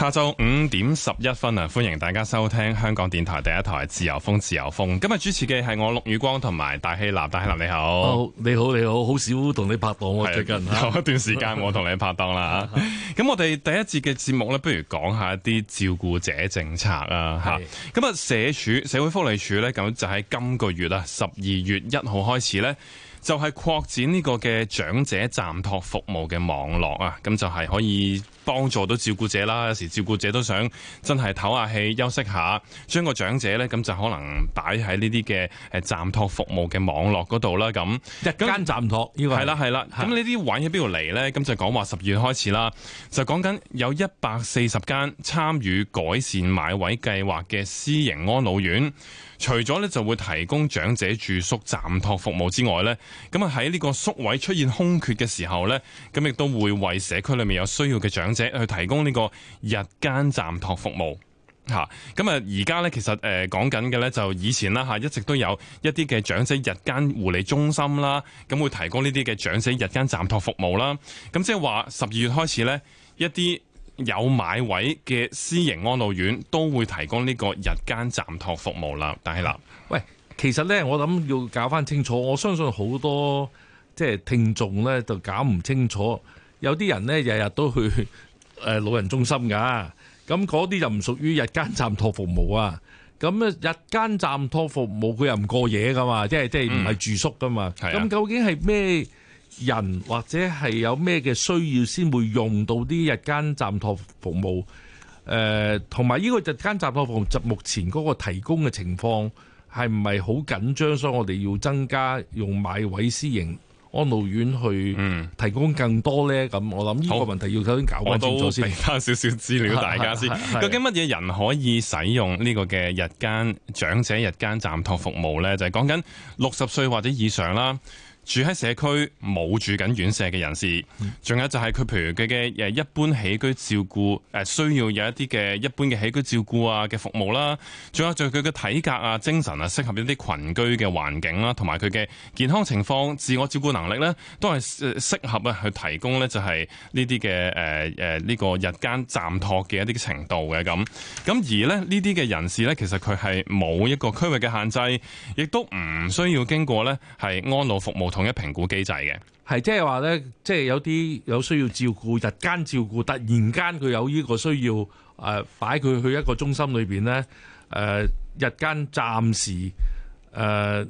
下晝五點十一分啊！歡迎大家收聽香港電台第一台《自由風》，自由風今日主持嘅係我陸宇光同埋大希臘，大希臘你好，你好，你好你好，好少同你拍檔喎。的最近有一段時間我同你拍檔啦咁 我哋第一節嘅節目呢，不如講下一啲照顧者政策啊咁啊，的社署社會福利署呢，咁就喺今個月啊，十二月一號開始呢，就係擴展呢個嘅長者暫托服務嘅網絡啊，咁就係可以幫助到照顧者啦。有時照顧者都想真係唞下氣休息下，將個長者呢，咁就可能擺喺呢啲嘅誒暫托服務嘅網絡嗰度啦。咁日間暫托呢個，係啦，係啦。咁呢啲位喺邊度嚟呢？咁就講話十月開始啦，就講緊有一百四十間參與改善買位計劃嘅私營安老院。除咗咧就會提供長者住宿暫託服務之外咧，咁啊喺呢個宿位出現空缺嘅時候咧，咁亦都會為社區裏面有需要嘅長者去提供呢個日間暫託服務。嚇、啊，咁啊而家咧其實誒講緊嘅咧就以前啦、啊、一直都有一啲嘅長者日間護理中心啦，咁會提供呢啲嘅長者日間暫託服務啦。咁即係話十二月開始咧一啲有買位嘅私營安老院都會提供呢個日間暫託服務啦，但係，喂，其實呢，我諗要搞翻清楚，我相信好多即係聽眾呢，就搞唔清楚，有啲人呢，日日都去誒、呃、老人中心㗎，咁嗰啲就唔屬於日間暫託服務啊。咁咧日間暫託服務佢又唔過夜㗎嘛，即係即係唔係住宿㗎嘛。咁係、啊、究竟係咩人或者係有咩嘅需要先會用到啲日間暫託服務？誒，同埋呢個日間暫託服務就目前嗰個提供嘅情況係唔係好緊張，所以我哋要增加用買位私營安老院去提供更多呢。咁、嗯、我諗呢個問題好要首先搞清楚先。我都俾翻少少資料大家先。究竟乜嘢人可以使用呢個嘅日間長者日間暫託服務呢？就係講緊六十歲或者以上啦。住喺社區冇住緊院舍嘅人士，仲有就係佢譬如佢嘅誒一般起居照顧誒、呃、需要有一啲嘅一般嘅起居照顧啊嘅服務啦、啊，仲有就佢嘅體格啊、精神啊適合一啲群居嘅環境啦、啊，同埋佢嘅健康情況自我照顧能力咧，都係適、呃、合啊去提供咧就係呢啲嘅誒誒呢個日間暫托嘅一啲程度嘅，咁。咁而咧呢啲嘅人士咧，其實佢係冇一個區域嘅限制，亦都唔需要經過咧係安老服務。統一評估機制嘅，係即係話咧，即係有啲有需要照顧日間照顧，突然間佢有呢個需要，誒擺佢去一個中心裏邊咧，誒日間暫時誒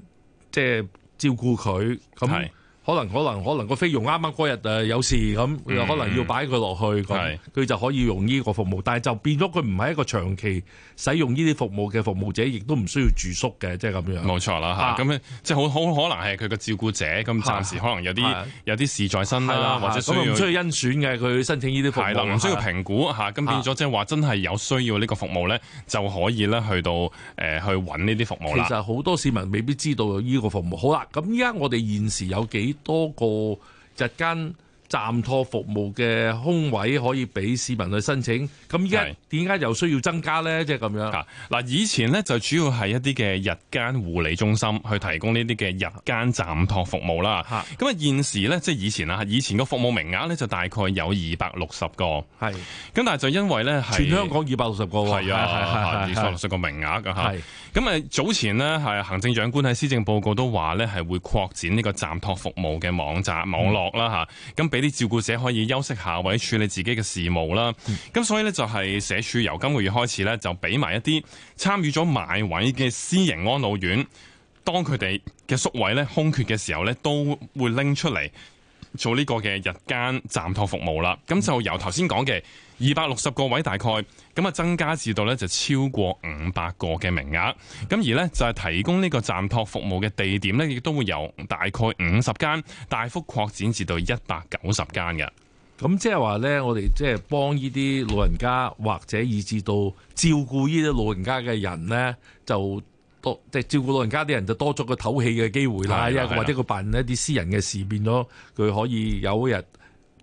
即係照顧佢咁。可能可能可能個菲傭啱啱嗰日誒有事咁，可能要擺佢落去，佢就可以用呢個服務。但係就變咗佢唔係一個長期使用呢啲服務嘅服務者，亦都唔需要住宿嘅，即係咁樣。冇錯啦，嚇咁即係好好可能係佢個照顧者，咁暫時可能有啲有啲事在身啦，或者需唔需要甄選嘅，佢申請呢啲服務，可能唔需要評估嚇，咁變咗即係話真係有需要呢個服務咧，就可以咧去到誒去揾呢啲服務啦。其實好多市民未必知道呢個服務。好啦，咁依家我哋現時有幾多個日間。暫托服務嘅空位可以俾市民去申請，咁依家點解又需要增加咧？即係咁樣。嗱，以前咧就主要係一啲嘅日間護理中心去提供呢啲嘅日間暫托服務啦。咁啊是，現時咧即係以前啦，以前個服務名額咧就大概有二百六十個。係是。咁但係就因為咧係全香港二百六十個啊，啊，二百六十個名額嘅嚇。咁啊是，是早前呢，係行政長官喺施政報告都話咧係會擴展呢個暫托服務嘅網站網絡啦嚇，咁俾、嗯。啲照顧者可以休息下，或者處理自己嘅事務啦。咁、嗯、所以呢，就係社署由今個月開始呢，就俾埋一啲參與咗買位嘅私營安老院，當佢哋嘅宿位咧空缺嘅時候呢，都會拎出嚟做呢個嘅日間暫託服務啦。咁就由頭先講嘅，二百六十個位大概咁啊，增加至到咧就超過五百個嘅名額。咁而咧就係、是、提供呢個暫託服務嘅地點咧，亦都會由大概五十間大幅擴展至到一百九十間嘅。咁即係話咧，我哋即係幫呢啲老人家或者以至到照顧呢啲老人家嘅人咧，就多即係、就是、照顧老人家啲人就多咗個透氣嘅機會啦，是是，或者佢辦一啲私人嘅事，變咗佢可以有一日。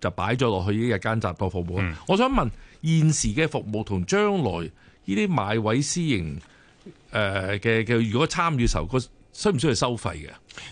就擺咗落去呢日間暫託服務。嗯、我想問現時嘅服務同將來呢啲買位私營誒嘅嘅，如果參與嘅時候，需唔需要收費嘅？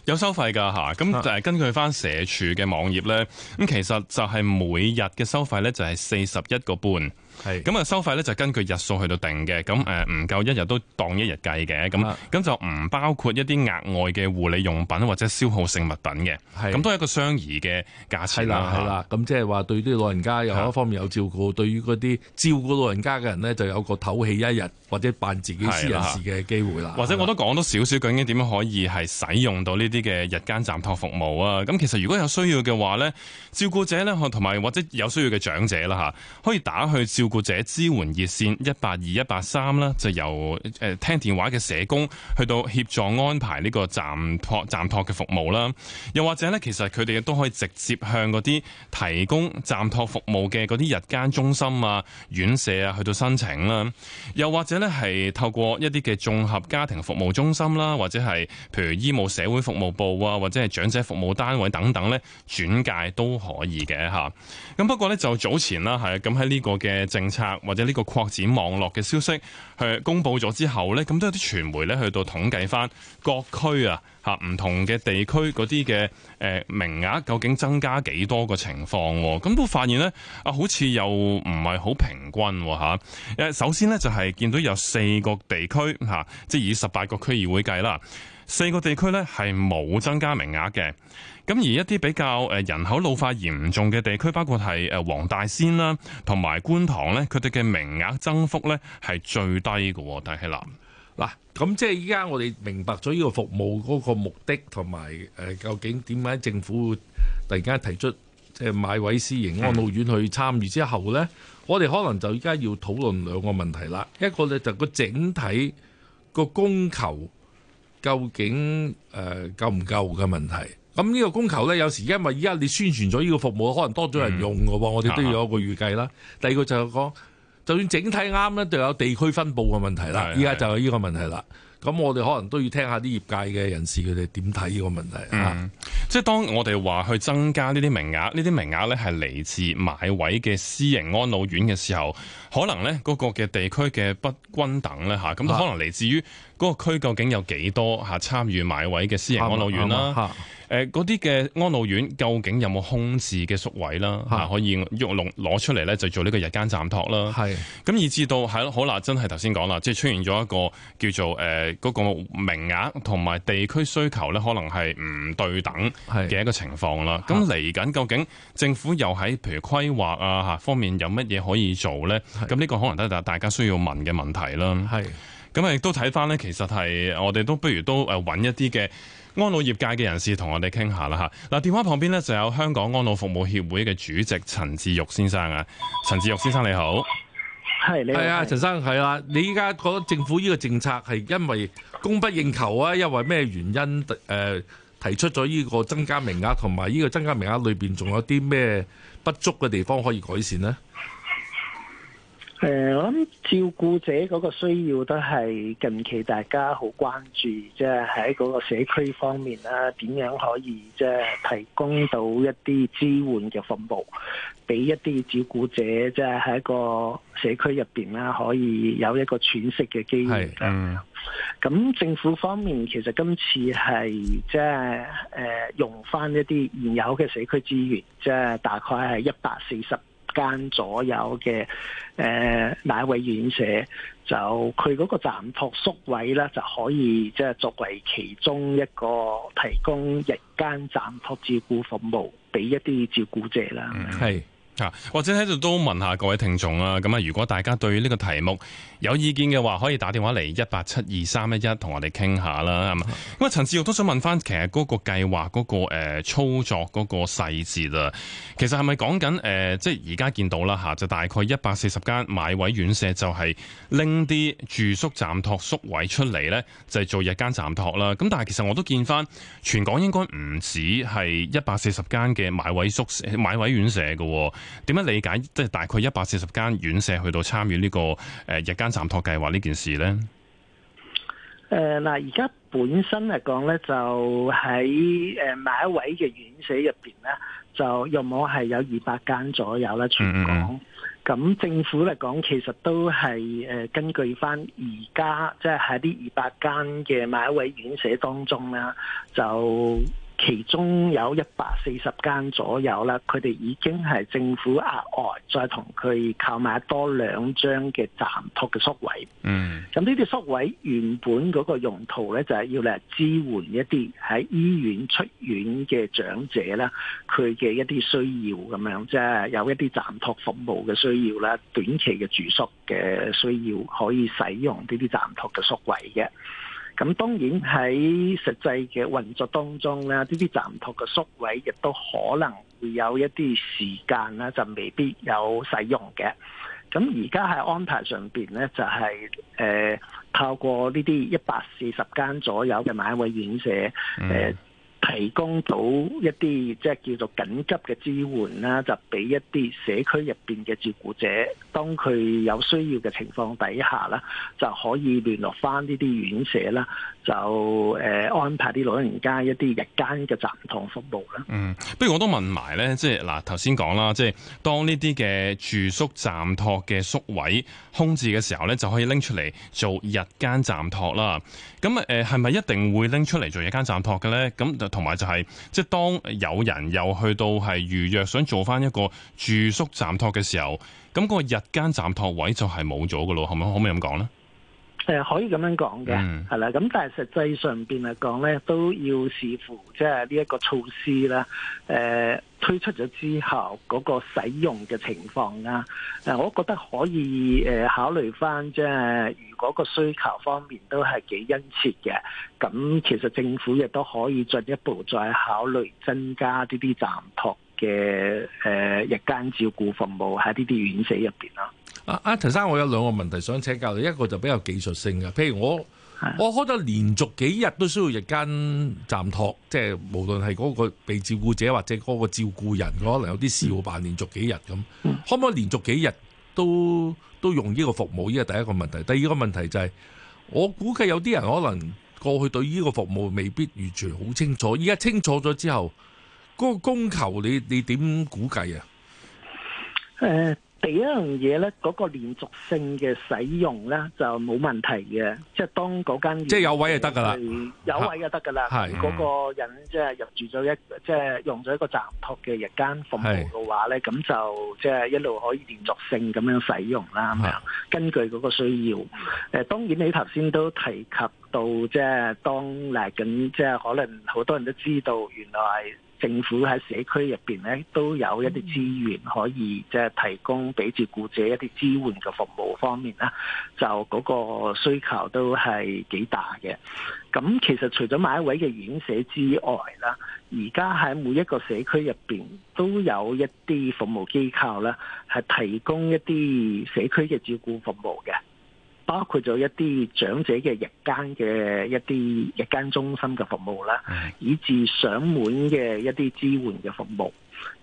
有收費㗎嚇。咁誒根據翻社署嘅網頁咧，咁其實就係每日嘅收費咧，就係四十一個半。係咁啊！是收費咧就根據日數去到定嘅，咁誒唔夠一日都當一日計嘅，咁咁、啊、就唔包括一啲額外嘅護理用品或者消耗性物品嘅，咁是都係一個相宜嘅價錢啦，係啦，咁即係話對啲老人家又一方面有照顧，的對於嗰啲照顧老人家嘅人咧就有個透氣一日或者辦自己私人事嘅機會啦。啊、或者我都講多少少究竟點樣可以係使用到呢啲嘅日間暫托服務啊？咁其實如果有需要嘅話咧，照顧者咧同埋或者有需要嘅長者啦吓，可以打去照。照顧者支援熱線一八二一八三啦，就由誒聽電話嘅社工去到協助安排呢個暫託暫託嘅服務啦，又或者呢，其實佢哋都可以直接向嗰啲提供暫託服務嘅嗰啲日間中心啊、院舍啊去到申請啦，又或者呢，係透過一啲嘅綜合家庭服務中心啦，或者係譬如醫務社會服務部啊，或者係長者服務單位等等呢，轉介都可以嘅吓。咁不過呢，就早前啦係咁喺呢個嘅。政策或者呢個擴展網絡嘅消息，去公布咗之後呢，咁都有啲傳媒呢去到統計翻各區啊，吓，唔同嘅地區嗰啲嘅誒名額究竟增加幾多個情況，咁都發現呢，啊，好似又唔係好平均吓。誒，首先呢，就係見到有四個地區吓，即係以十八個區議會計啦。四個地區咧，係冇增加名額嘅，咁而一啲比較誒人口老化嚴重嘅地區，包括係誒黃大仙啦，同埋觀塘咧，佢哋嘅名額增幅咧係最低嘅。但係啦，嗱，咁即係依家我哋明白咗呢個服務嗰個目的，同埋誒究竟點解政府突然間提出即係買位私營安老院去參與之後咧，嗯、我哋可能就而家要討論兩個問題啦。一個咧就個整體個供求。究竟誒、呃、夠唔夠嘅問題？咁呢個供求咧，有時因為而家你宣傳咗呢個服務，可能多咗人用㗎喎，嗯、我哋都要有一個預計啦。嗯、第二個就係、是、講，就算整體啱咧，就有地區分佈嘅問題啦。而家就有呢個問題啦。咁我哋可能都要聽下啲業界嘅人士佢哋點睇呢個問題啊、嗯！即係當我哋話去增加呢啲名額，呢啲名額呢係嚟自買位嘅私營安老院嘅時候，可能呢嗰個嘅地區嘅不均等呢。吓，咁可能嚟自於嗰個區究竟有幾多吓參與買位嘅私營安老院啦。嗯嗯嗯嗯誒嗰啲嘅安老院究竟有冇空置嘅宿位啦、啊是的 啊？可以用攞出嚟咧，就做呢個日間暫託啦。咁，是的 以至到係咯，好啦，真係頭先講啦，即係出現咗一個叫做誒嗰、呃那個名額同埋地區需求咧，可能係唔對等嘅一個情況啦。咁嚟緊，究竟政府又喺譬如規劃啊方面有乜嘢可以做咧？咁呢是的 個可能都係大家需要問嘅問題啦。咁啊，亦都睇翻咧，其實係我哋都不如都誒揾一啲嘅。安老業界嘅人士同我哋傾下啦吓，嗱，電話旁邊咧就有香港安老服務協會嘅主席陳志育先生啊，陳志育先生你好，係你係啊，陳生係啊，你依家覺得政府呢個政策係因為供不應求啊，因為咩原因誒、呃、提出咗呢個增加名額，同埋呢個增加名額裏邊仲有啲咩不足嘅地方可以改善呢？誒、呃，我諗照顧者嗰個需要都係近期大家好關注，即係喺嗰個社區方面啦，點樣可以即係、呃、提供到一啲支援嘅服務，俾一啲照顧者，即係喺個社區入邊啦，可以有一個喘息嘅機會。係，嗯。咁政府方面，其實今次係即係誒用翻一啲現有嘅社區資源，即、呃、係大概係一百四十。間左右嘅誒、奶衞院舍，就佢嗰個暫託宿位咧，就可以即係作為其中一個提供日間暫託照顧服務俾一啲照顧者啦。係、嗯。啊！或者喺度都問下各位聽眾啦。咁啊，如果大家對呢個題目有意見嘅話，可以打電話嚟一八七二三一一同我哋傾下啦。咁啊、嗯，陳、嗯、志育都想問翻、那個呃，其實嗰個計劃嗰個誒操作嗰個細節啊，其實係咪講緊誒？即係而家見到啦，吓就大概一百四十間買位院舍，就係拎啲住宿暫託宿位出嚟，呢就係、做日間暫託啦。咁、啊、但係其實我都見翻，全港應該唔止係一百四十間嘅買位宿買位院舍嘅、啊。點樣理解？即係大概一百四十間院舍去到參與呢個誒、呃、日間暫托計劃呢件事咧？誒、呃，嗱，而家本身嚟講咧，就喺誒買一位嘅院舍入邊咧，就有冇係有二百間左右咧？全港咁、嗯嗯嗯、政府嚟講，其實都係誒根據返而家即係喺呢二百間嘅買一位院舍當中啦，就。其中有一百四十間左右啦，佢哋已經係政府額外再同佢購買多兩張嘅暫托嘅宿位。嗯，咁呢啲宿位原本嗰個用途咧，就係要嚟支援一啲喺醫院出院嘅長者啦，佢嘅一啲需要咁樣啫，即係有一啲暫托服務嘅需要啦，短期嘅住宿嘅需要可以使用呢啲暫托嘅宿位嘅。咁當然喺實際嘅運作當中咧，呢啲暫託嘅宿位亦都可能會有一啲時間啦，就未必有使用嘅。咁而家喺安排上面、就、咧、是，就係誒透過呢啲一百四十間左右嘅買位院舍提供到一啲即係叫做緊急嘅支援啦，就俾一啲社區入邊嘅照顧者，當佢有需要嘅情況底下啦，就可以聯絡翻呢啲院舍啦，就誒、呃、安排啲老人家一啲日間嘅暫託服務啦。嗯，不如我都問埋咧，即係嗱頭先講啦，即係當呢啲嘅住宿暫託嘅宿位空置嘅時候咧，就可以拎出嚟做日間暫託啦。咁誒係咪一定會拎出嚟做日間暫託嘅咧？咁就？同埋就係、是，即係當有人又去到係預約想做返一個住宿暫託嘅時候，咁、那個日間暫託位就係冇咗嘅咯，可唔可可唔可以咁講咧？誒，可以咁樣講嘅，係啦、mm.。咁但係實際上邊嚟講咧，都要視乎即係呢一個措施啦。誒、呃，推出咗之後嗰個使用嘅情況啦。誒、呃，我覺得可以誒考慮翻，即係如果個需求方面都係幾殷切嘅，咁其實政府亦都可以進一步再考慮增加呢啲暫托嘅誒日間照顧服務喺呢啲院舍入邊啦。阿阿、啊、陳生，我有兩個問題想請教你，一個就比較技術性嘅，譬如我的我可能連續幾日都需要日間暫託，即、就、係、是、無論係嗰個被照顧者或者嗰個照顧人，可能有啲事要辦，嗯、連續幾日咁，可唔可以連續幾日都都用呢個服務？呢個第一個問題。第二個問題就係、是、我估計有啲人可能過去對呢個服務未必完全好清楚，依家清楚咗之後，嗰、那個供求你你點估計啊？誒、嗯。第一樣嘢咧，嗰、那個連續性嘅使用咧就冇問題嘅，即係當嗰間院即係有位就得㗎喇，有位就得㗎喇。係嗰是個人即係入住咗一即係用咗一個暫託嘅日間服務嘅話咧，咁是就即係一路可以連續性咁樣使用啦。啊是？根據嗰個需要，誒當然你頭先都提及到，即係當嚟緊，即係可能好多人都知道原來。政府喺社區入邊咧都有一啲資源可以即係提供俾照顧者一啲支援嘅服務方面咧，就嗰個需求都係幾大嘅。咁其實除咗買位嘅院舍之外啦，而家喺每一個社區入邊都有一啲服務機構啦，係提供一啲社區嘅照顧服務嘅。包括咗一啲長者嘅日間嘅一啲日間中心嘅服務啦，的以至上門嘅一啲支援嘅服務。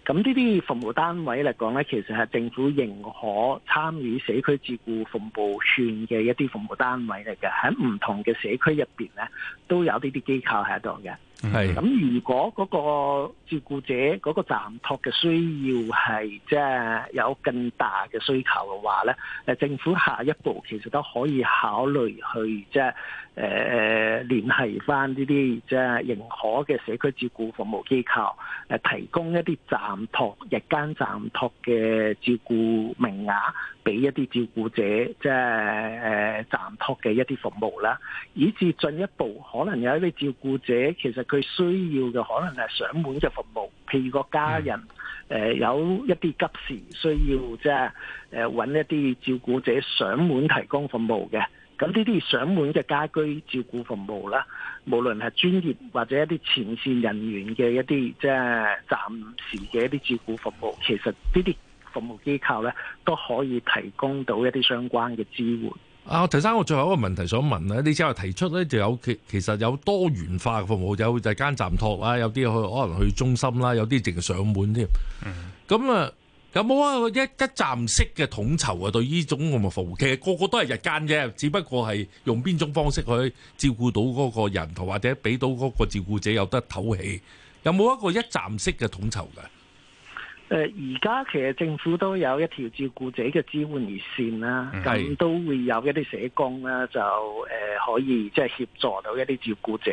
咁呢啲服務單位嚟講呢，其實係政府認可參與社區照顧服務券嘅一啲服務單位嚟嘅，喺唔同嘅社區入邊呢都有呢啲機構喺度嘅。咁係如果嗰個照顧者嗰個暫托嘅需要係即係有更大嘅需求嘅話咧，誒政府下一步其實都可以考慮去即係誒聯繫翻呢啲即係認可嘅社區照顧服務機構，呃、提供一啲暫托、日間暫托嘅照顧名額，俾一啲照顧者即係誒暫托嘅一啲服務啦。以至進一步，可能有一啲照顧者其實佢需要嘅可能係上門嘅服務，譬如個家人誒、呃、有一啲急時需要即係誒揾一啲照顧者上門提供服務嘅。咁呢啲上門嘅家居照顧服務啦，無論係專業或者一啲前線人員嘅一啲即係暫時嘅一啲照顧服務，其實呢啲服務機構咧都可以提供到一啲相關嘅支援。阿陳生，我最後一個問題想問咧，你之後提出咧就有其其實有多元化嘅服務，有日間暫託啦，有啲去可能去中心啦，有啲淨係上門添。嗯，咁啊。有冇一個一一站式嘅統籌啊？對呢種咁嘅服務，其實個個都係日間啫，只不過係用邊種方式去照顧到嗰個人，同或者俾到嗰個照顧者有得唞氣，有冇一個一站式嘅統籌嘅？誒而家其實政府都有一條照顧者嘅支援熱線啦、啊，咁是都會有一啲社工啦、啊，就誒、呃、可以即係協助到一啲照顧者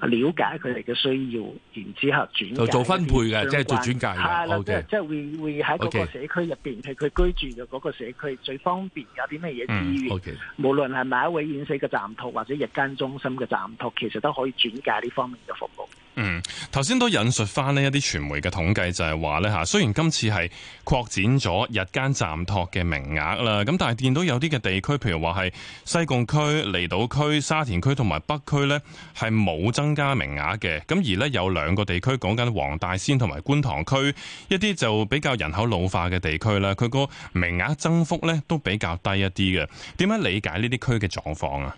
了解佢哋嘅需要，然之後轉做分配嘅，關即係做轉介嘅、啊 Okay.，即係即係會喺嗰個社區入邊，佢佢 Okay. 居住嘅嗰個社區最方便有啲咩嘢資源，嗯 okay. 無論係某一位院舍嘅暫託，或者日間中心嘅暫託，其實都可以轉介呢方面嘅服務。嗯，頭先都引述翻呢一啲傳媒嘅統計，就係話咧嚇，雖然。今次係擴展咗日間暫託嘅名額啦，咁但係見到有啲嘅地區，譬如話係西貢區、離島區、沙田區同埋北區呢，係冇增加名額嘅。咁而呢，有兩個地區講緊黃大仙同埋觀塘區，一啲就比較人口老化嘅地區啦，佢個名額增幅呢都比較低一啲嘅。點樣理解呢啲區嘅狀況啊？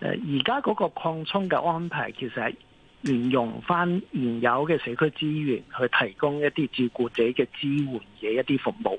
而家嗰個擴充嘅安排其實～沿用翻現有嘅社區資源去提供一啲照顧者嘅支援嘅一啲服務，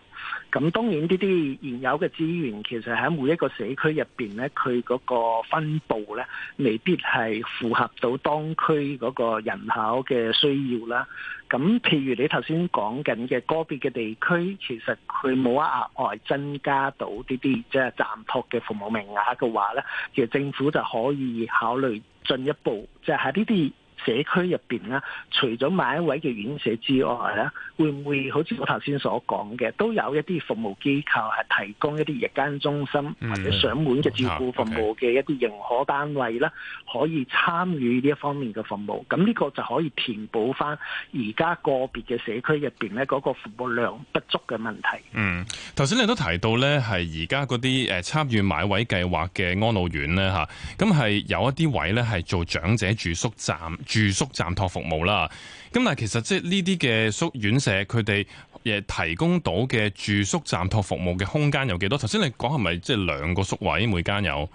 咁當然呢啲現有嘅資源其實喺每一個社區入邊咧，佢嗰個分布咧，未必係符合到當區嗰個人口嘅需要啦。咁譬如你頭先講緊嘅個別嘅地區，其實佢冇啊額外增加到呢啲即係暫托嘅服務名額嘅話咧，其實政府就可以考慮進一步即係喺呢啲社區入邊啦，除咗買位嘅院舍之外咧，會唔會好似我頭先所講嘅，都有一啲服務機構係提供一啲日間中心或者上門嘅照顧服務嘅一啲認可單位咧，可以參與呢一方面嘅服務，咁呢個就可以填補翻而家個別嘅社區入邊咧嗰個服務量不足嘅問題。嗯，頭先你都提到咧，係而家嗰啲誒參與買位計劃嘅安老院咧吓，咁係有一啲位咧係做長者住宿站。住宿暫託服務啦，咁但係其實即係呢啲嘅宿院舍佢哋誒提供到嘅住宿暫託服務嘅空間有幾多？頭先你講係咪即係兩個宿位每間有？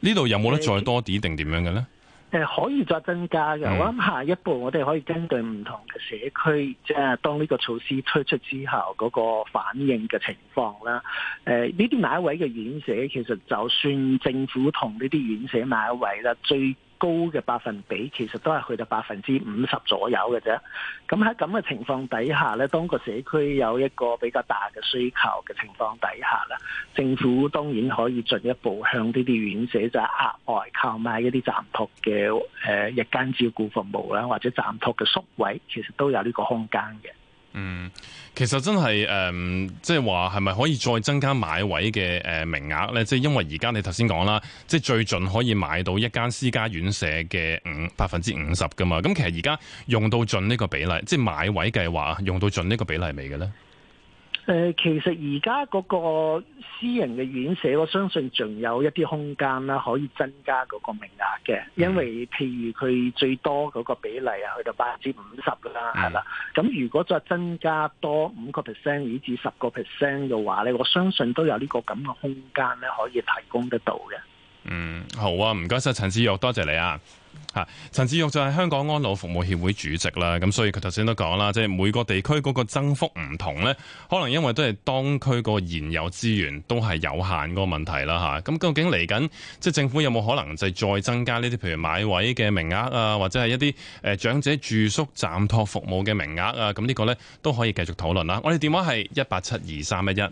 呢度有冇得再多啲定點樣嘅咧？誒可以再增加嘅，嗯、我諗下一步我哋可以根據唔同嘅社區，即係當呢個措施推出之後嗰個反應嘅情況啦。誒呢啲買位嘅院舍其實就算政府同呢啲院舍買位啦最高嘅百分比其實都係去到百分之五十左右嘅啫。咁喺咁嘅情況底下呢，當個社區有一個比較大嘅需求嘅情況底下呢，政府當然可以進一步向呢啲院舍就係額外購買一啲暫託嘅誒日間照顧服務啦，或者暫託嘅宿位，其實都有呢個空間嘅。嗯，其實真係誒，即係話係咪可以再增加買位嘅誒名額呢？即係因為而家你頭先講啦，即係最盡可以買到一間私家院舍嘅五百分之五十噶嘛。咁其實而家用到盡呢個比例，即係買位計劃用到盡呢個比例未嘅呢？誒、呃，其實而家嗰個私營嘅院舍，我相信仲有一啲空間啦，可以增加嗰個名額嘅。因為譬如佢最多嗰個比例啊，去到百分之五十噶啦，係啦。咁如果再增加多五個 percent 以至十個 percent 嘅話咧，我相信都有呢個咁嘅空間咧，可以提供得到嘅。嗯，好啊，唔該晒陳志育，多謝你啊。吓，陳志育就係香港安老服務協會主席啦，咁所以佢頭先都講啦，即係每個地區嗰個增幅唔同咧，可能因為都係當區個現有資源都係有限個問題啦。吓，咁究竟嚟緊即係政府有冇可能就係再增加呢啲，譬如買位嘅名額啊，或者係一啲誒、呃、長者住宿暫託服務嘅名額啊？咁呢個呢都可以繼續討論啦。我哋電話係一八七二三一一。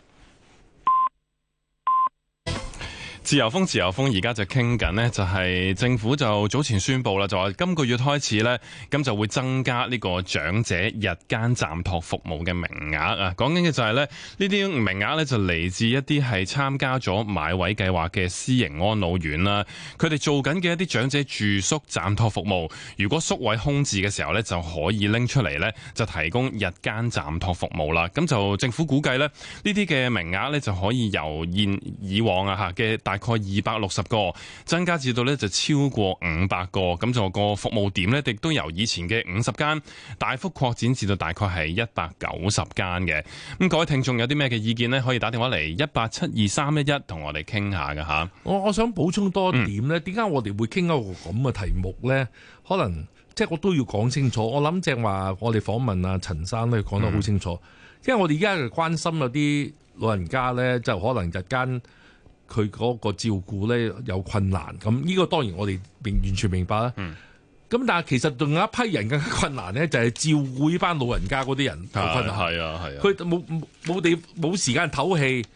自由風，自由風，而家就傾緊呢就係政府就早前宣布啦，就話今個月開始呢，咁就會增加呢個長者日間暫托服務嘅名額啊！講緊嘅就係呢呢啲名額呢就嚟自一啲係參加咗買位計劃嘅私營安老院啦，佢哋做緊嘅一啲長者住宿暫托服務，如果宿位空置嘅時候呢，就可以拎出嚟呢，就提供日間暫托服務啦。咁就政府估計呢，呢啲嘅名額呢，就可以由現以往啊嘅大。大概二百六十個，增加至到咧就超過五百個，咁就個服務點咧亦都由以前嘅五十間大幅擴展至到大概係一百九十間嘅。咁各位聽眾有啲咩嘅意見咧，可以打電話嚟一八七二三一一同我哋傾下㗎吓。我我想補充多點咧，點解、嗯、我哋會傾一個咁嘅題目咧？可能即係我都要講清楚。我諗正話，我哋訪問阿陳生咧講得好清楚，嗯、因為我哋而家係關心嗰啲老人家咧，就可能日間。佢嗰個照顧咧有困難，咁呢個當然我哋完完全明白啦。咁、嗯、但係其實仲有一批人嘅困難咧，就係、是、照顧依班老人家嗰啲人有困難。係啊係啊，佢冇冇地冇時間唞氣，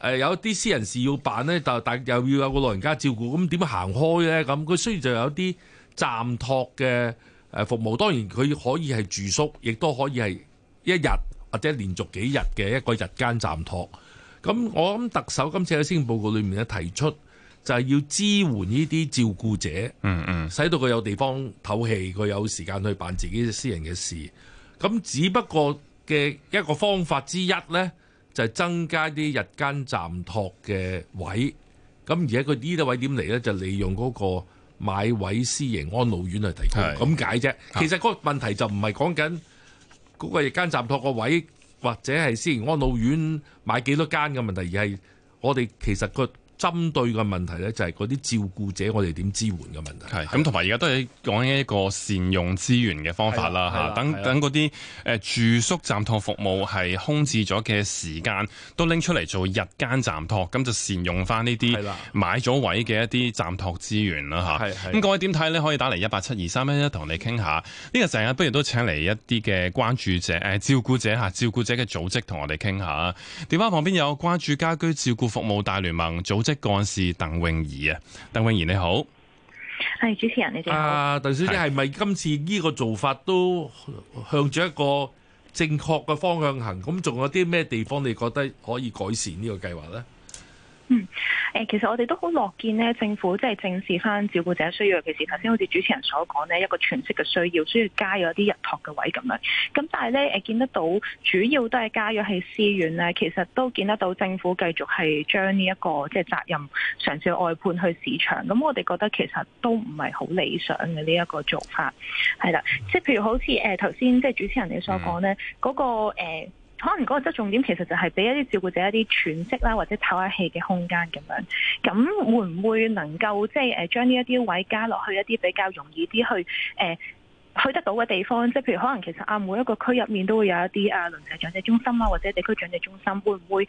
誒有啲私人事要辦咧，就但又要有個老人家照顧，咁點樣行開咧？咁佢雖然就有啲暫託嘅誒服務，當然佢可以係住宿，亦都可以係一日或者連續幾日嘅一個日間暫託。咁我諗特首今次喺施政報告裏面咧提出，就係要支援呢啲照顧者，嗯嗯，嗯使到佢有地方透氣，佢有時間去辦自己嘅私人嘅事。咁只不過嘅一個方法之一咧，就係、是、增加啲日間暫託嘅位。咁而家佢呢啲位點嚟咧，就利用嗰個買位私營安老院去提供，咁的解啫。其實個問題就唔係講緊嗰個日間暫託個位。或者係私營安老院買幾多間嘅問題，而係我哋其實個。針對嘅問題呢，就係嗰啲照顧者我哋點支援嘅問題。咁，同埋而家都係講緊一個善用資源嘅方法啦。啊啊啊、等、啊、等嗰啲住宿暫托服務係空置咗嘅時間，都拎出嚟做日間暫托。咁就善用翻呢啲買咗位嘅一啲暫托資源啦。咁、啊啊、各位點睇呢？可以打嚟一八七二三一一同你傾下。呢個成日不如都請嚟一啲嘅關注者、誒照顧者嚇、照顧者嘅組織同我哋傾下。電話旁邊有關注家居照顧服務大聯盟組織即幹事鄧穎怡啊，鄧穎怡你好，係主持人你哋啊，鄧小姐係咪是今次呢個做法都向住一個正確嘅方向行，咁仲有啲咩地方你覺得可以改善呢個計劃咧？嗯，誒，其實我哋都好樂見呢政府，即係正視翻照顧者需要，尤其是頭先好似主持人所講呢一個全職嘅需要，需要加咗啲日托嘅位咁樣。咁但係呢，誒，見得到主要都係加咗喺私院呢，其實都見得到政府繼續係將呢一個即係、就是、責任嘗試外判去市場。咁我哋覺得其實都唔係好理想嘅呢一個做法。係啦，即係譬如好似誒頭先即係主持人你所講呢嗰、嗯那個誒。呃可能嗰個側重點其實就係俾一啲照顧者一啲喘息啦，或者唞下氣嘅空間咁樣，咁會唔會能夠即係誒將呢一啲位加落去一啲比較容易啲去誒呃去得到嘅地方，即係譬如可能其實啊，每一個區入面都會有一啲啊，鄰舍長者中心啊，或者地區長者中心，會唔會誒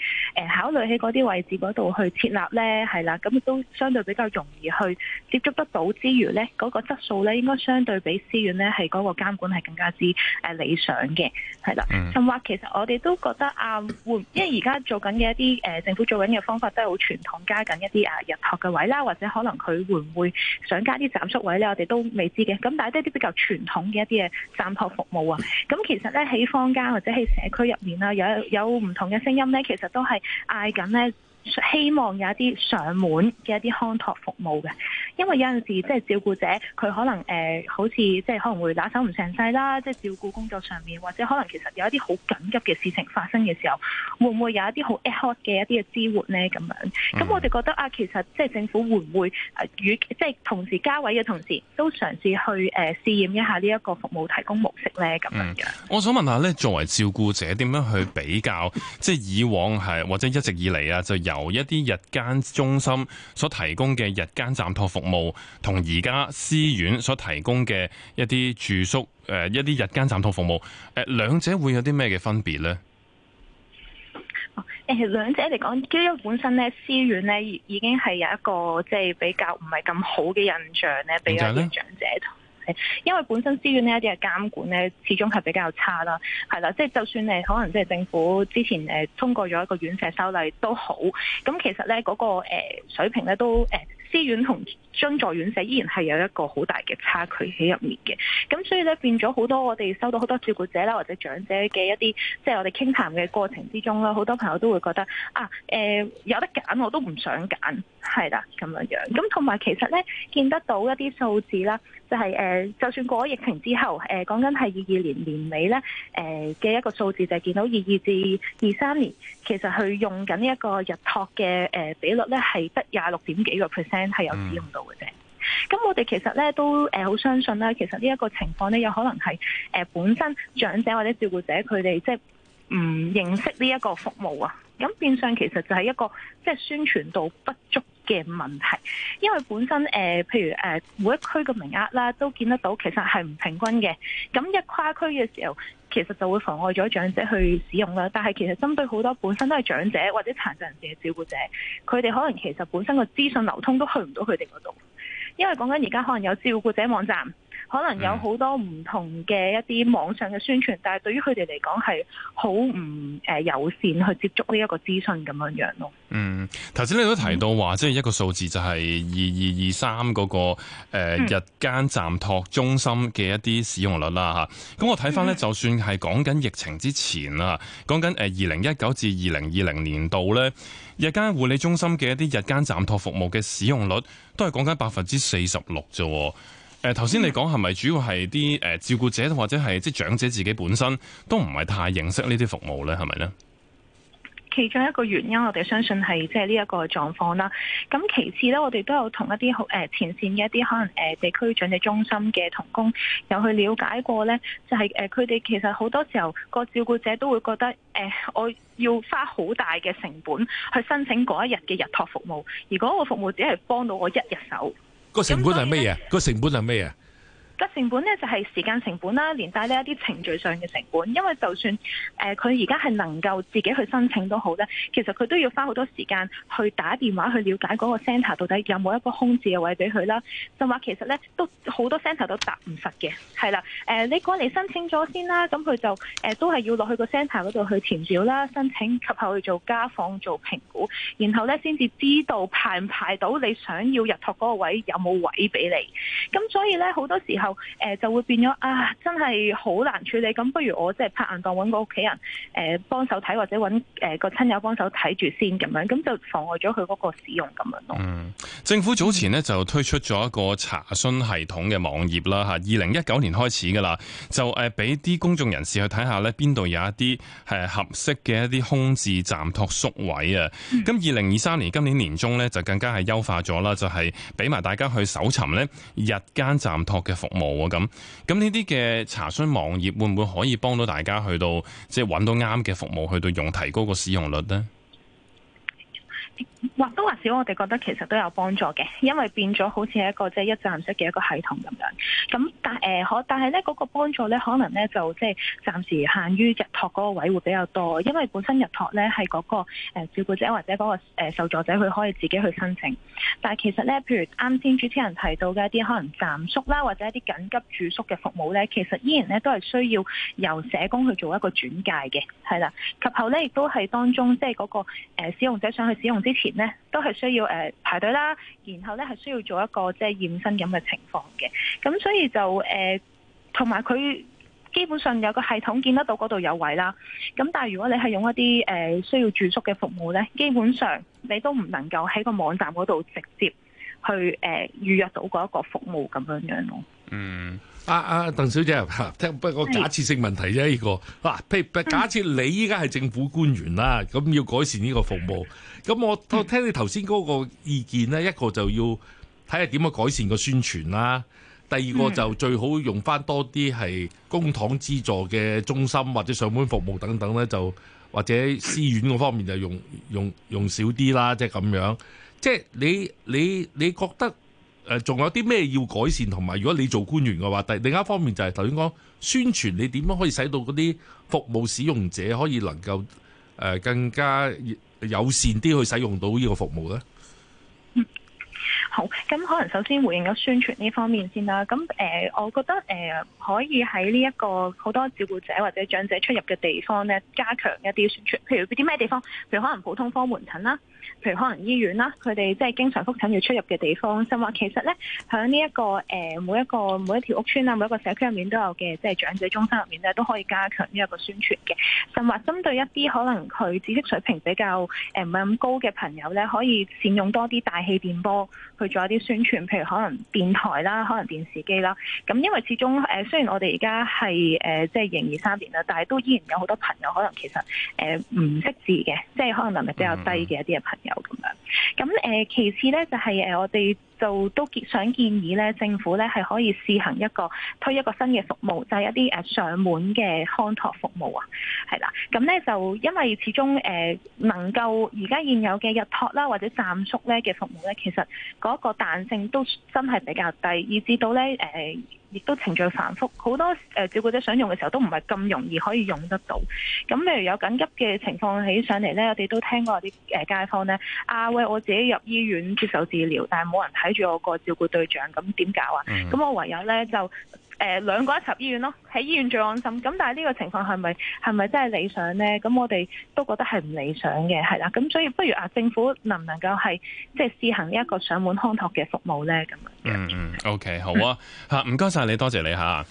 考慮喺嗰啲位置嗰度去設立咧？係啦，咁都相對比較容易去接觸得到之餘咧，嗰、嗰個質素咧應該相對比私院咧係嗰個監管係更加之誒理想嘅，係啦。嗯、甚至其實我哋都覺得啊，會因為而家做緊嘅一啲誒政府做緊嘅方法都係好傳統，加緊一啲啊日託嘅位啦，或者可能佢會唔會想加啲暫宿位咧？我哋都未知嘅。咁但係都係啲比較傳統。嘅一啲嘅暫託服務啊，咁其實咧喺坊間或者喺社區入面啦，有有唔同嘅聲音咧樂，其實都係嗌緊咧。希望有一啲上門嘅一啲康託服務嘅，因為有陣時即係照顧者佢可能誒、呃、好似即係可能會揦手唔成勢啦，即係照顧工作上面，或者可能其實有一啲好緊急嘅事情發生嘅時候，會唔會有一啲好 ad hoc 嘅一啲嘅支援咧？咁樣咁我哋覺得啊，嗯、其實即係政府會唔會與即係同時交位嘅同時，都嘗試去誒試驗一下呢一個服務提供模式咧？咁樣嘅，我想問一下咧，作為照顧者點樣去比較 即係以往係或者一直以嚟啊就？由一啲日間中心所提供嘅日間暫托服務，同而家私院所提供嘅一啲住宿誒、呃，一啲日間暫托服務，誒、呃，兩者會有啲咩嘅分別呢？誒、嗯，兩者嚟講，其實本身呢，私院呢已經係有一個即係、就是、比較唔係咁好嘅印象呢，俾一啲長者。因為本身私院呢一啲嘅監管咧，始終係比較差啦，係啦，即係就算你可能即係政府之前誒通過咗一個院舍修例都好，咁其實咧嗰個誒水平咧都誒私院同。將在院舍依然係有一個好大嘅差距喺入面嘅，咁所以咧變咗好多，我哋收到好多照顧者啦或者長者嘅一啲，即係我哋傾談嘅過程之中啦，好多朋友都會覺得啊，誒有得揀我都唔想揀，係啦咁樣樣，咁同埋其實咧見得到一啲數字啦，就係誒就算過咗疫情之後，誒講緊係二二年年尾咧，誒嘅一個數字就係見到二二至二三年，其實佢用緊呢一個日托嘅比率咧係不廿六點幾個 percent 係有使用到。咁我哋其實咧都誒好、呃、相信啦，其實呢一個情況咧有可能係誒、呃、本身長者或者照顧者佢哋即係唔認識呢一個服務啊。咁變相其實就係一個即係宣傳度不足嘅問題，因為本身誒、呃，譬如誒、呃，每一區嘅名額啦，都見得到其實係唔平均嘅。咁一跨區嘅時候，其實就會妨礙咗長者去使用啦。但係其實針對好多本身都係長者或者殘疾人士嘅照顧者，佢哋可能其實本身個資訊流通都去唔到佢哋嗰度，因為講緊而家可能有照顧者網站。可能有好多唔同嘅一啲網上嘅宣傳，嗯、但係對於佢哋嚟講，係好唔誒友善去接觸呢、嗯嗯、一個資訊咁樣樣。咯、呃。嗯，頭先你都提到話，即係一個數字就係二二二三嗰個誒日間暫托中心嘅一啲使用率啦吓，咁我睇翻咧，嗯、就算係講緊疫情之前啊，講緊誒二零一九至二零二零年度咧，日間護理中心嘅一啲日間暫托服務嘅使用率都係講緊百分之四十六啫。誒，頭先你講，係咪主要係啲誒照顧者或者係即係長者自己本身都唔係太認識呢啲服務咧，係咪咧？其中一個原因，我哋相信係即係呢一個狀況啦。咁其次咧，我哋都有同一啲好誒前線嘅一啲可能誒地區長嘅中心長者中心嘅同工有去了解過咧，就係誒佢哋其實好多時候個照顧者都會覺得誒我要花好大嘅成本去申請嗰一日嘅日托服務，如果個服務只係幫到我一日手。個成本係咩啊？個成本係咩啊？成本咧就係時間成本啦，連帶呢一啲程序上嘅成本。因為就算誒佢而家係能夠自己去申請都好咧，其實佢都要花好多時間去打電話去了解嗰個 centre 到底有冇一個空置嘅位俾佢啦。就話其實咧都好多 centre 都答唔實嘅，係啦。誒，你過嚟申請咗先啦，咁佢就呃都係要落去個 centre 嗰度去填表啦，申請及後去做家訪做評估，然後咧先至知道排唔排到你想要入托嗰個位有冇位俾你。咁所以咧，好多時候。誒、呃，就會變咗啊，真係好難處理，咁不如我即係拍硬檔，搵個屋企人誒幫手睇，或者搵個、呃、個親友幫手睇住先咁樣，咁就妨礙咗佢嗰個使用咁樣咯、嗯。政府早前呢就推出咗一個查詢系統嘅網頁啦，吓，二零一九年開始噶啦，就誒俾啲公眾人士去睇下呢邊度有一啲係合適嘅一啲空置暫托宿位啊。咁二零二三年今年年中呢，就更加係優化咗啦，就係俾埋大家去搜尋呢日間暫托嘅服務。咁咁呢啲嘅查詢網頁會唔會可以幫到大家去到即係揾到啱嘅服務去到用提高個使用率呢？或多或少我哋覺得其實都有幫助嘅，因為變咗好似一個即係一站式嘅一個系統咁樣。咁但係呢可，但係咧嗰個幫助咧，可能咧就即係暫時限於日托嗰個位會比較多，因為本身日托咧係嗰個、呃、照顧者或者嗰個、呃、受助者佢可以自己去申請。但係其實咧，譬如啱先主持人提到嘅一啲可能暫宿啦，或者一啲緊急住宿嘅服務咧，其實依然咧都係需要由社工去做一個轉介嘅，係啦。及後咧亦都係當中即係嗰個、呃、使用者想去使用之前，都係需要誒排隊啦，然後咧係需要做一個即係驗身咁嘅情況嘅，咁所以就誒同埋佢基本上有個系統見得到嗰度有位啦，咁但係如果你係用一啲誒需要住宿嘅服務咧，基本上你都唔能夠喺個網站嗰度直接去誒預約到嗰一個服務咁樣樣咯，嗯。阿阿、啊啊、鄧小姐，聽不過假設性問題啫，呢個嗱，譬如假設你依家係政府官員啦，咁要改善呢個服務，咁我聽你頭先嗰個意見咧，一個就要睇下點樣改善個宣傳啦，第二個就最好用翻多啲係公帑資助嘅中心或者上門服務等等咧，就或者私院嗰方面就用用用少啲啦，即係咁樣，即係你你你覺得？仲有啲咩要改善？同埋，如果你做官員嘅話，第另一方面就係頭先講宣傳，你點樣可以使到嗰啲服務使用者可以能夠誒更加友善啲去使用到呢個服務呢？嗯、好。咁可能首先回應咗宣傳呢方面先啦。咁誒、呃，我覺得誒、呃、可以喺呢一個好多照顧者或者長者出入嘅地方呢，加強一啲宣傳。譬如啲咩地方？譬如可能普通科門診啦。譬如可能醫院啦，佢哋即係經常覆診要出入嘅地方，甚至話其實咧響呢一、這個每一個每一條屋邨啊，每一個社區入面都有嘅即係長者中心入面咧都可以加強呢一個宣傳嘅，甚至話針對一啲可能佢知識水平比較誒唔係咁高嘅朋友咧，可以善用多啲大氣電波去做一啲宣傳，譬如可能電台啦，可能電視機啦。咁因為始終誒雖然我哋而家係誒即係零二三年啦，但係都依然有好多朋友可能其實誒唔、呃、識字嘅，即、就、係、是、可能能力比較低嘅一啲嘅朋友。咁樣，咁誒其次咧就係誒我哋就都想建議咧，政府咧係可以試行一個推一個新嘅服務，就係、是、一啲誒上門嘅看託服務啊，係啦，咁咧就因為始終誒能夠而家現有嘅日託啦或者暫宿咧嘅服務咧，其實嗰個彈性都真係比較低，以至到咧誒。亦都程序繁複，好多誒、呃、照顧者想用嘅時候都唔係咁容易可以用得到。咁譬如有緊急嘅情況起上嚟呢，我哋都聽過啲誒、呃、街坊呢，啊「啊喂，我自己入醫院接受治療，但係冇人睇住我個照顧對象」，咁點搞啊？咁我唯有呢就。誒、呃、兩個一齊醫院咯，喺醫院最安心。咁但係呢個情況係咪係咪真係理想呢？咁我哋都覺得係唔理想嘅，係啦。咁所以不如啊，政府能唔能夠係即係試行呢一個上門康托」嘅服務呢？咁樣嘅。嗯，OK，好啊，吓唔該晒你，多謝你吓。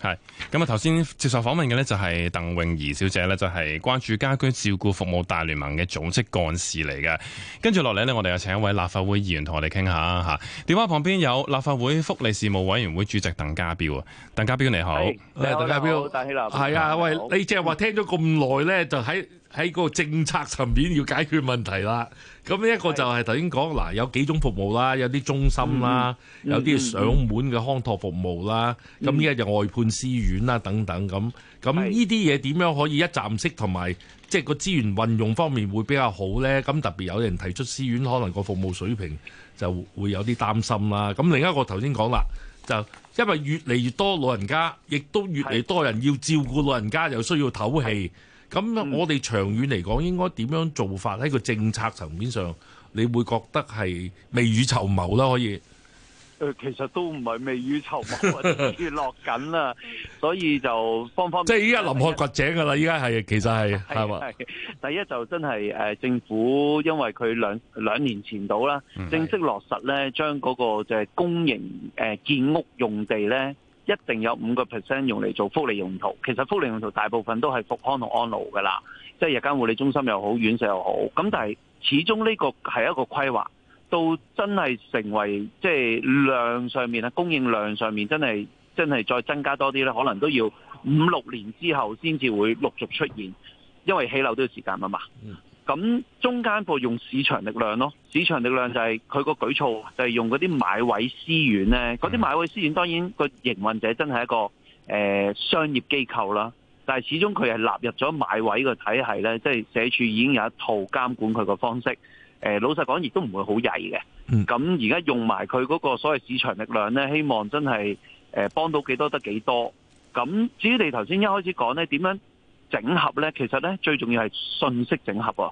係，咁啊，頭先接受訪問嘅呢，就係鄧穎怡小姐咧，就係關注家居照顧服務大聯盟嘅組織幹事嚟嘅。跟住落嚟呢，我哋又請一位立法會議員同我哋傾下啊吓。電話旁邊有立法會福利事務委員會主席鄧家彪啊，鄧家彪你好，你好，你好，鄧家彪，係啊，喂，你淨係話聽咗咁耐咧，就喺喺個政策層面要解決問題啦。咁一個就係頭先講嗱，有幾種服務啦，有啲中心啦，嗯嗯、有啲上門嘅康托服務啦。咁依家就外判私院啦，等等咁。咁呢啲嘢點樣可以一站式同埋，即係個資源運用方面會比較好呢？咁特別有人提出私院可能個服務水平就會有啲擔心啦。咁另一個頭先講啦，就因為越嚟越多老人家，亦都越嚟多人要照顧老人家，又需要唞氣。咁我哋長遠嚟講，應該點樣做法，喺個政策層面上，你會覺得係未雨綢繆啦，可以？誒，其實都唔係未雨綢繆，跌落緊啦，所以就方方面面。即係依家臨海掘井噶啦，依家係其實係係嘛？第一就真係誒政府，因為佢兩兩年前到啦，正式落實咧，將嗰個就係公營誒建屋用地咧。一定有五個 percent 用嚟做福利用途，其實福利用途大部分都係復康同安老噶啦，即係日間護理中心又好，院舍又好。咁但係始終呢個係一個規劃，到真係成為即係、就是、量上面，供應量上面真係真係再增加多啲咧，可能都要五六年之後先至會陸續出現，因為起樓都要時間啊嘛。咁中間部用市場力量咯，市場力量就係佢個舉措就係用嗰啲買位私營咧，嗰啲買位私營當然個營運者真係一個誒、呃、商業機構啦，但係始終佢係納入咗買位個體系咧，即係社署已經有一套監管佢個方式。誒、呃、老實講亦都唔會好曳嘅。咁而家用埋佢嗰個所謂市場力量咧，希望真係誒、呃、幫到幾多得幾多。咁至於你頭先一開始講咧，點樣整合咧，其實咧最重要係信息整合，啊，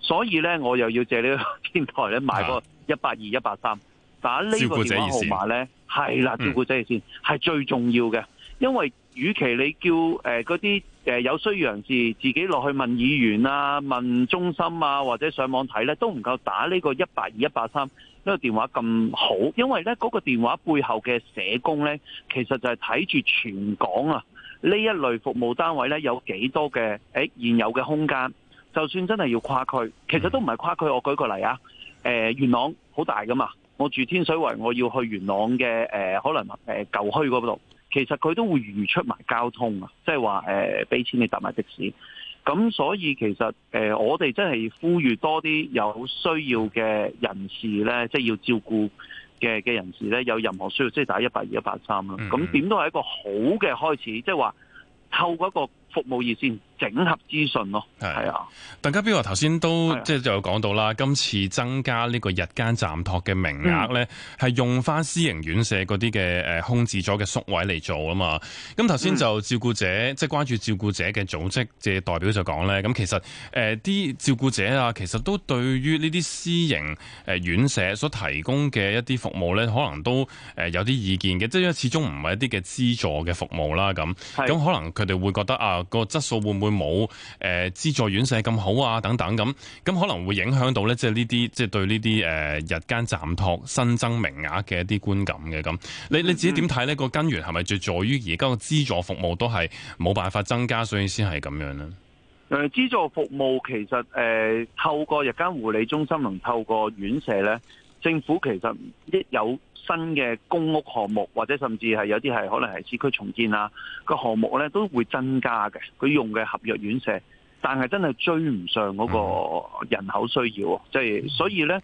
所以咧我又要借呢個電台咧買個一八二一八三，打呢個電話號碼咧，係啦，照顧者先係、嗯、最重要嘅，因為與其你叫誒嗰啲誒有需要人士自己落去問議員啊、問中心啊，或者上網睇咧，都唔夠打呢個一八二一八三呢個電話咁好，因為咧嗰、嗰個電話背後嘅社工咧，其實就係睇住全港啊。呢一類服務單位呢有幾多嘅誒現有嘅空間？就算真係要跨區，其實都唔係跨區。我舉個例啊，元朗好大噶嘛，我住天水圍，我要去元朗嘅誒可能舊區嗰度，其實佢都會預出埋交通啊，即係話誒俾錢你搭埋的士。咁所以其實誒我哋真係呼籲多啲有需要嘅人士呢，即係要照顧嘅嘅人士咧，有任何需要，即係打一八二一八三啦。咁點都係一個好嘅開始，即係話透過一個。服務熱線整合資訊咯，係啊，鄧家彪頭先都即係就有講到啦，啊、今次增加呢個日間暫託嘅名額咧，係、嗯、用翻私營院舍嗰啲嘅誒空置咗嘅宿位嚟做啊嘛。咁頭先就照顧者，嗯、即係關注照顧者嘅組織嘅代表就講咧，咁其實誒啲、呃、照顧者啊，其實都對於呢啲私營誒院舍所提供嘅一啲服務咧，可能都誒有啲意見嘅，即係因為始終唔係一啲嘅資助嘅服務啦，咁咁可能佢哋會覺得啊。個質素會唔會冇誒資助院舍咁好啊？等等咁，咁可能會影響到咧，即係呢啲，即係對呢啲誒日間暫託新增名額嘅一啲觀感嘅咁。你你自己點睇呢？個、嗯、根源係咪在在於而家個資助服務都係冇辦法增加，所以先係咁樣咧？誒、嗯，資助服務其實誒、呃、透過日間護理中心，能透過院舍咧，政府其實一有。新嘅公屋項目，或者甚至係有啲係可能係市區重建啊，個項目咧都會增加嘅。佢用嘅合約院舍，但係真係追唔上嗰個人口需要，即係、嗯就是、所以咧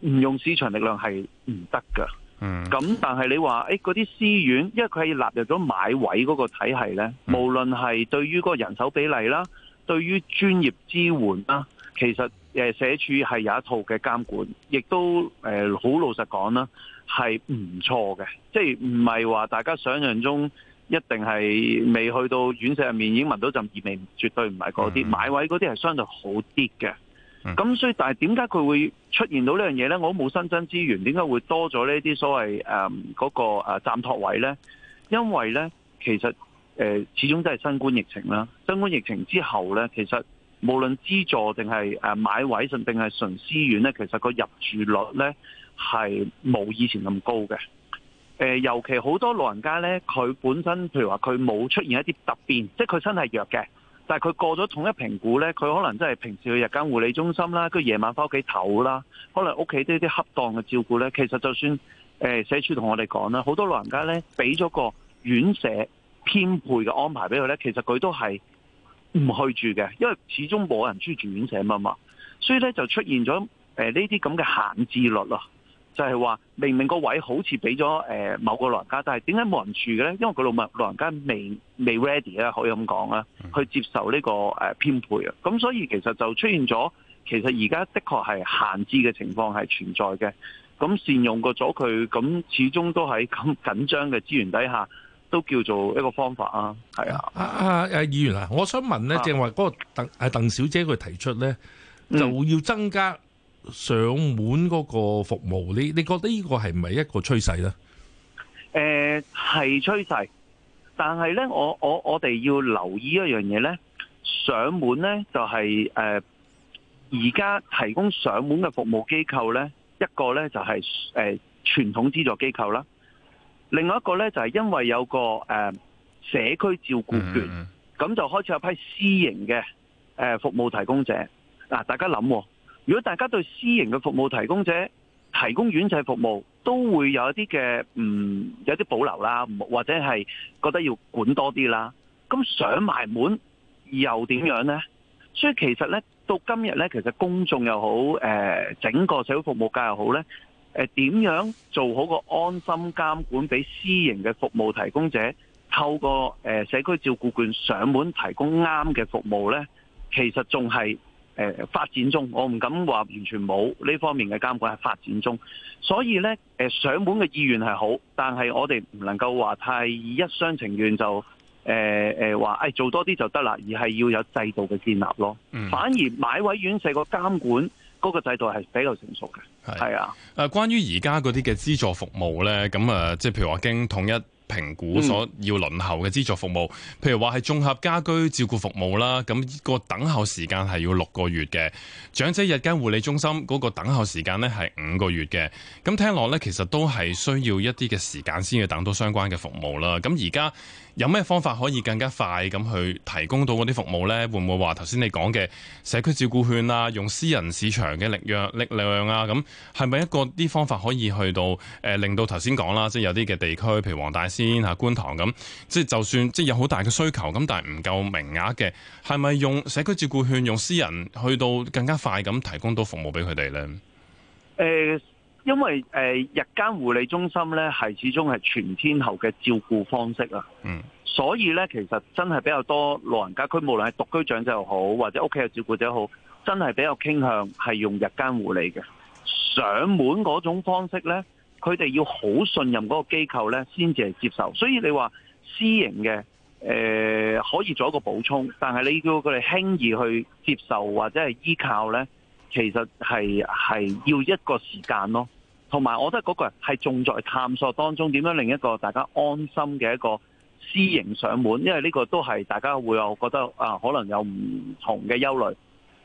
唔用市場力量係唔得噶。嗯，咁但係你話誒嗰啲私院，因為佢係納入咗買位嗰個體系咧，無論係對於個人手比例啦，對於專業支援啦，其實誒社署係有一套嘅監管，亦都誒好、呃、老實講啦。係唔錯嘅，即係唔係話大家想象中一定係未去到院舍入面已經聞到陣異味，絕對唔係嗰啲買位嗰啲係相對好啲嘅。咁所以，但係點解佢會出現到呢樣嘢呢？我冇新增資源，點解會多咗呢啲所謂嗰、嗯嗰個誒啊暫託位呢？因為呢，其實誒、呃、始終都係新冠疫情啦。新冠疫情之後呢，其實無論資助定係誒買位，定係純私院呢，其實個入住率呢。係冇以前咁高嘅，誒、呃，尤其好多老人家呢，佢本身譬如話佢冇出現一啲突變，即係佢身體弱嘅，但係佢過咗統一評估呢，佢可能真係平時去日間護理中心啦，跟住夜晚翻屋企唞啦，可能屋企都有啲恰當嘅照顧呢。其實就算社署同我哋講啦，好多老人家呢，俾咗個院舍編配嘅安排俾佢呢，其實佢都係唔去住嘅，因為始終冇人中意住院舍嘛嘛，所以呢，就出現咗誒呢啲咁嘅閒置率咯。就係話，明明個位好似俾咗誒某個老人家，但係點解冇人住嘅咧？因為個老物老人家未未 ready 啦，可以咁講啦，去接受呢、呢個誒、呃、編配啊。咁所以其實就出現咗，其實而家的確係閒置嘅情況係存在嘅。咁善用過咗佢，咁始終都喺咁緊張嘅資源底下，都叫做一個方法啊。係啊，阿、啊、阿、啊、議員啊，我想問咧，正話嗰個鄧阿鄧小姐佢提出咧，就要增加。上門嗰個服務，你你覺得呢個係唔係一個趨勢呢？誒、呃，係趨勢，但係呢，我我我哋要留意一樣嘢呢：上門呢，就係、是、誒、而、呃、家提供上門嘅服務機構呢，一個呢就係誒傳統資助機構啦，另外一個呢，就係、是、因為有個誒、呃、社區照顧券咁、嗯、就開始有批私營嘅誒服務提供者，嗱，大家諗、啊。如果大家對私營嘅服務提供者提供院舍服務，都會有一啲嘅嗯有啲保留啦，或者係覺得要管多啲啦。咁上埋門又點樣呢？所以其實呢，到今日呢，其實公眾又好，整個社會服務界又好呢，誒點樣做好個安心監管，俾私營嘅服務提供者透過社區照顧券上門提供啱嘅服務呢？其實仲係。誒、呃、發展中，我唔敢話完全冇呢方面嘅監管係發展中，所以呢、呃，上門嘅意願係好，但係我哋唔能夠話太以一廂情願就誒誒話做多啲就得啦，而係要有制度嘅建立咯。嗯、反而買位院舍個監管嗰、那個制度係比較成熟嘅，係啊的的、呃。關關於而家嗰啲嘅資助服務呢，咁誒，即、呃、係譬如話經統一。評估所要輪候嘅資助服務，譬如話係綜合家居照顧服務啦，咁個等候時間係要六個月嘅；長者日間護理中心嗰個等候時間呢係五個月嘅。咁聽落呢，其實都係需要一啲嘅時間先要等到相關嘅服務啦。咁而家，有咩方法可以更加快咁去提供到嗰啲服務咧？會唔會話頭先你講嘅社區照顧券啊，用私人市場嘅力量力量啊？咁係咪一個啲方法可以去到誒、呃、令到頭先講啦，即係有啲嘅地區，譬如黃大仙吓、啊、觀塘咁，即係就算即係有好大嘅需求咁，但係唔夠名額嘅，係咪用社區照顧券，用私人去到更加快咁提供到服務俾佢哋咧？誒。欸因為誒、呃、日間護理中心呢，係始終係全天候嘅照顧方式啊，嗯、所以呢，其實真係比較多老人家區，佢無論係獨居長者又好，或者屋企嘅照顧者好，真係比較傾向係用日間護理嘅上門嗰種方式呢，佢哋要好信任嗰個機構呢先至係接受。所以你話私營嘅誒、呃、可以做一個補充，但係你叫佢哋輕易去接受或者係依靠呢，其實係係要一個時間咯。同埋，我覺得嗰個人，係仲在探索當中點樣令一個大家安心嘅一個私營上門，因為呢個都係大家會有覺得啊，可能有唔同嘅憂慮。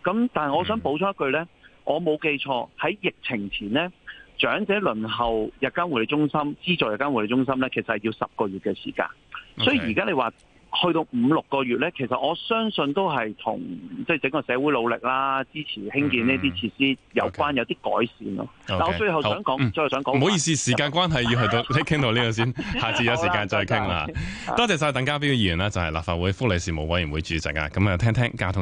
咁但係，我想補充一句呢，我冇記錯喺疫情前呢，長者輪候日間護理中心、資助日間護理中心呢，其實係要十個月嘅時間。Okay. 所以而家你話。去到五六個月咧，其實我相信都係同即係整個社會努力啦，支持興建呢啲設施有關，嗯、okay, 有啲改善咯。Okay, 但我最後想講，嗯、最後想講，唔好意思，是是時間關係要去到你傾到呢度先， 下次有時間再傾啦。多、 啊、 謝晒鄧家彪議員啦，就係、是、立法會福利事務委員會主席啊。咁啊，聽聽交通。家庭